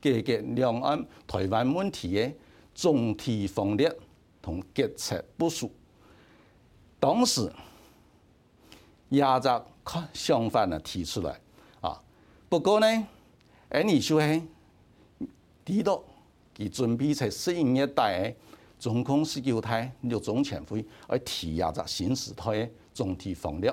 給嘅兩岸台灣問題嘅總體方略同決策部署，當時也就相反地提出來。啊，不過呢,而你說係啲到佢準備在十一代中共十九大六中全會去提下個新時代嘅總體方略。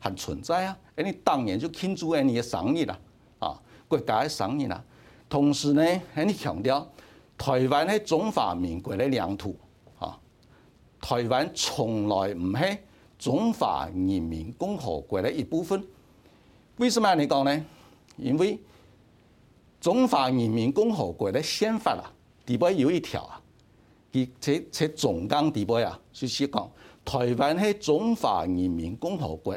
還存在啊！你當年就傾注你嘅生意啦，啊，國家嘅生意啦。同時呢，喺你強調台灣係中華民國嘅領土，嚇。台灣從來唔係中華人民共和國的一部分。為什麼你嚟講呢？因為中華人民共和國嘅憲法啊，地部有一條啊，佢在在總綱地部呀，就是講台灣係中華人民共和國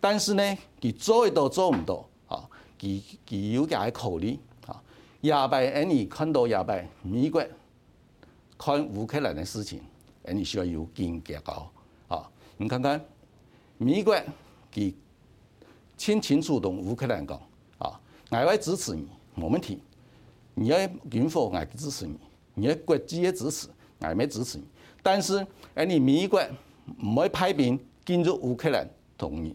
但是呢，佢做得到做不到啊！佢佢有家考慮啊。廿八安尼，看到廿八，美國看烏克蘭的事情，安尼需要有見解哦啊！你看看，美國佢親先主動烏克蘭講啊，外會支持你沒問題，你要軍火外支持你，你要國際也支持，外邊支持你。但是安尼，美國唔會派兵進入烏克蘭同意。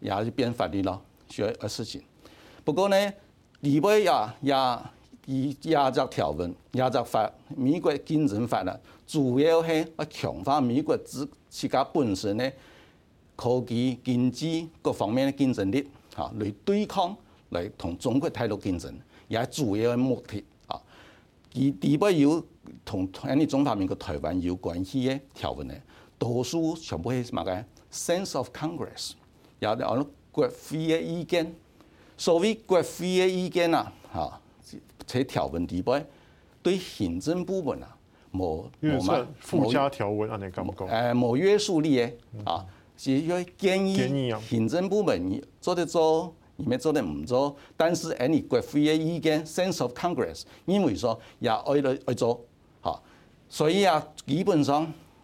也是變法律咯，的事情。不過呢，第二筆也以也以壓咗條文，壓咗法美國的競爭法啦，主要係要強化美國自自家本身呢科技、經濟各方面的競爭力，啊，來對抗來同中國大陸競爭，也主要嘅目的啊。其第二筆有同喺你中華民國台灣有關係嘅條文呢，多數全部係什麼嘅 Sense of Congress。要啲我哋國會嘅意見，所謂國會的意見啊，哈，寫條文條文，對行政部門啊，冇冇附加條文啊？你講唔講？誒，冇約束力誒，啊，只係建議建議行政部門做得做，你們做得唔做，但是誒，你國會的意見 sense of Congress，因為說也愛嚟愛做，哈，所以啊，基本上。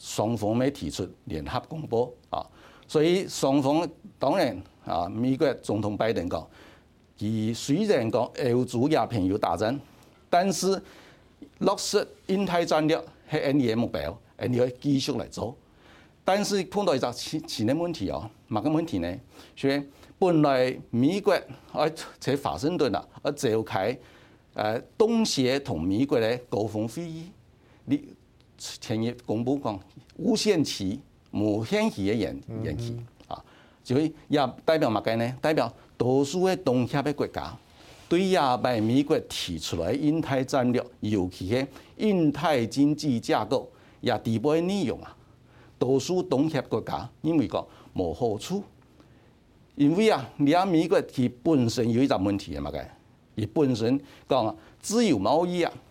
雙方未提出聯合公報啊，所以雙方當然啊，美國總統拜登講，佢雖然講要阻止亞洲打戰，但是落實印太戰略係另一目標，而要繼續嚟做。但是碰到一個前前年問題哦，乜嘅問題呢？所以本來美國喺在華盛頓啦，而召開誒東協同美國嘅高峰會議。你。產業公布講，無限期、無限期的延延期啊、嗯哼！所以也代表乜嘅呢？代表多數的東協的國家對亞太美國提出來的印太戰略，尤其嘅印太經濟架構也持咩利用啊？多數東協國家因為講冇好處，因為啊，而美國佢本身有一個問題啊，伊本身講自由貿易啊。